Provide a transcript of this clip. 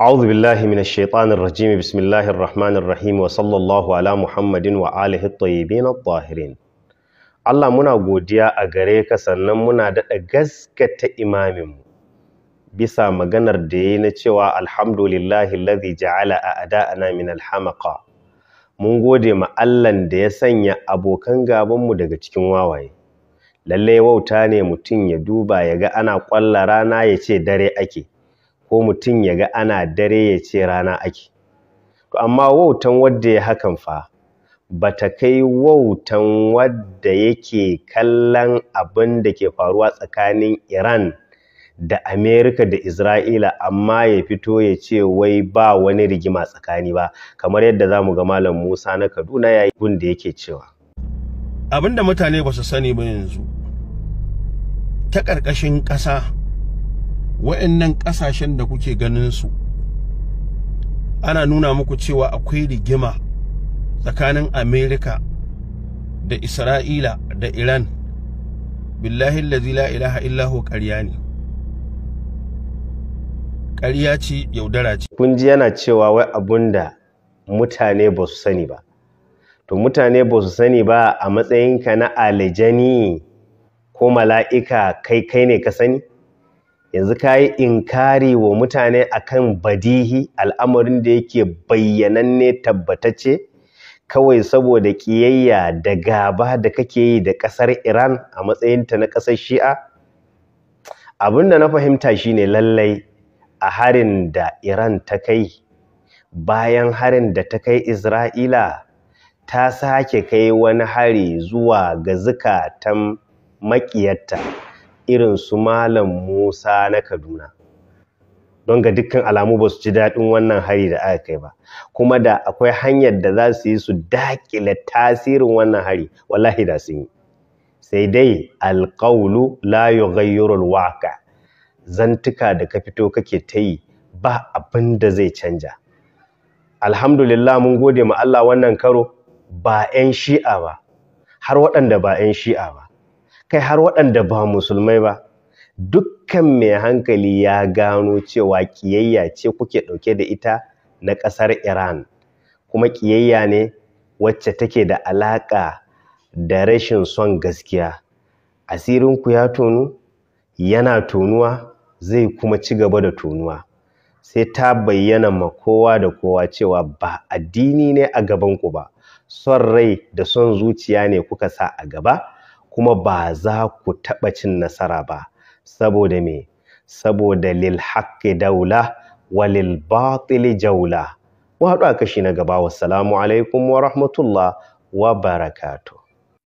أعوذ بالله من الشيطان الرجيم بسم الله الرحمن الرحيم وصلى الله على محمد وآله الطيبين Allah muna godiya a gare ka sannan muna daɗa gaskata imamin mu. bisa maganar da ya yi na cewa alhamdulillahi lazi ja'ala a ada, ana min alhamaka mun gode ma Allahn da ya sanya abokan gabanmu daga cikin wawaye Lallai wauta ne mutum ya duba ya ga ana ƙwalla rana ya ce dare ake ko mutum ya ga ana dare ya ce rana ake to amma wautan wadda ya hakan fa ba ta kai wautan wadda yake kallon abin da ke faruwa tsakanin Iran da Amerika da Isra'ila amma ya fito ya ce wai ba wani rigima tsakani ba kamar yadda za mu ga Malam Musa na Kaduna ya yi da yake cewa. Abin da mutane ba su sani ba yanzu ta ƙarƙashin ƙasa wa'annan ƙasashen da kuke ganin su ana nuna muku cewa akwai rigima tsakanin Amerika da Isra'ila da Iran billahi allazi la ilaha illahu ƙarya ne ƙarya ce yaudara ce kun ji yana cewa wai abun da mutane ba su sani ba to mutane ba su sani ba a matsayinka na alajani ko mala'ika kai kai ne ka sani yanzu ka yi inkari wa mutane akan badihi al'amarin da yake bayyananne tabbatacce kawai saboda ƙiyayya da gaba da kake yi da ƙasar iran a matsayinta na ƙasar shi'a abin da na fahimta shine lallai a harin da iran ta kai bayan harin da ta kai isra'ila ta sake kai wani hari zuwa ga zukatan maƙiyarta irin su malam musa na kaduna don ga dukkan alamu ba su ji daɗin wannan hari da aka kai ba kuma da akwai hanyar da za su yi su daƙile tasirin wannan hari wallahi da sun yi sai dai alƙaulu la yughayyiru zantuka da ka fito kake ta yi ba abin da zai canja alhamdulillah mun gode ma Allah wannan karo ba 'yan shi'a ba har waɗanda ba 'yan shi'a ba kai har waɗanda ba musulmai ba dukkan mai hankali ya gano cewa ƙiyayya ce kuke ɗauke da ita na ƙasar iran kuma ƙiyayya ne wacce take da alaƙa da rashin son gaskiya asirinku ya tonu yana tonuwa zai kuma ci gaba da tonuwa sai ta bayyana ma kowa da kowa cewa ba addini ne a gabanku ba son rai da son zuciya ne kuka sa a gaba kuma ba za ku taɓa cin nasara ba saboda me saboda lil haqqi daula lil batili jaula mu haɗu a kashi na gaba wassalamu alaikum wa rahmatullah wa barakatuh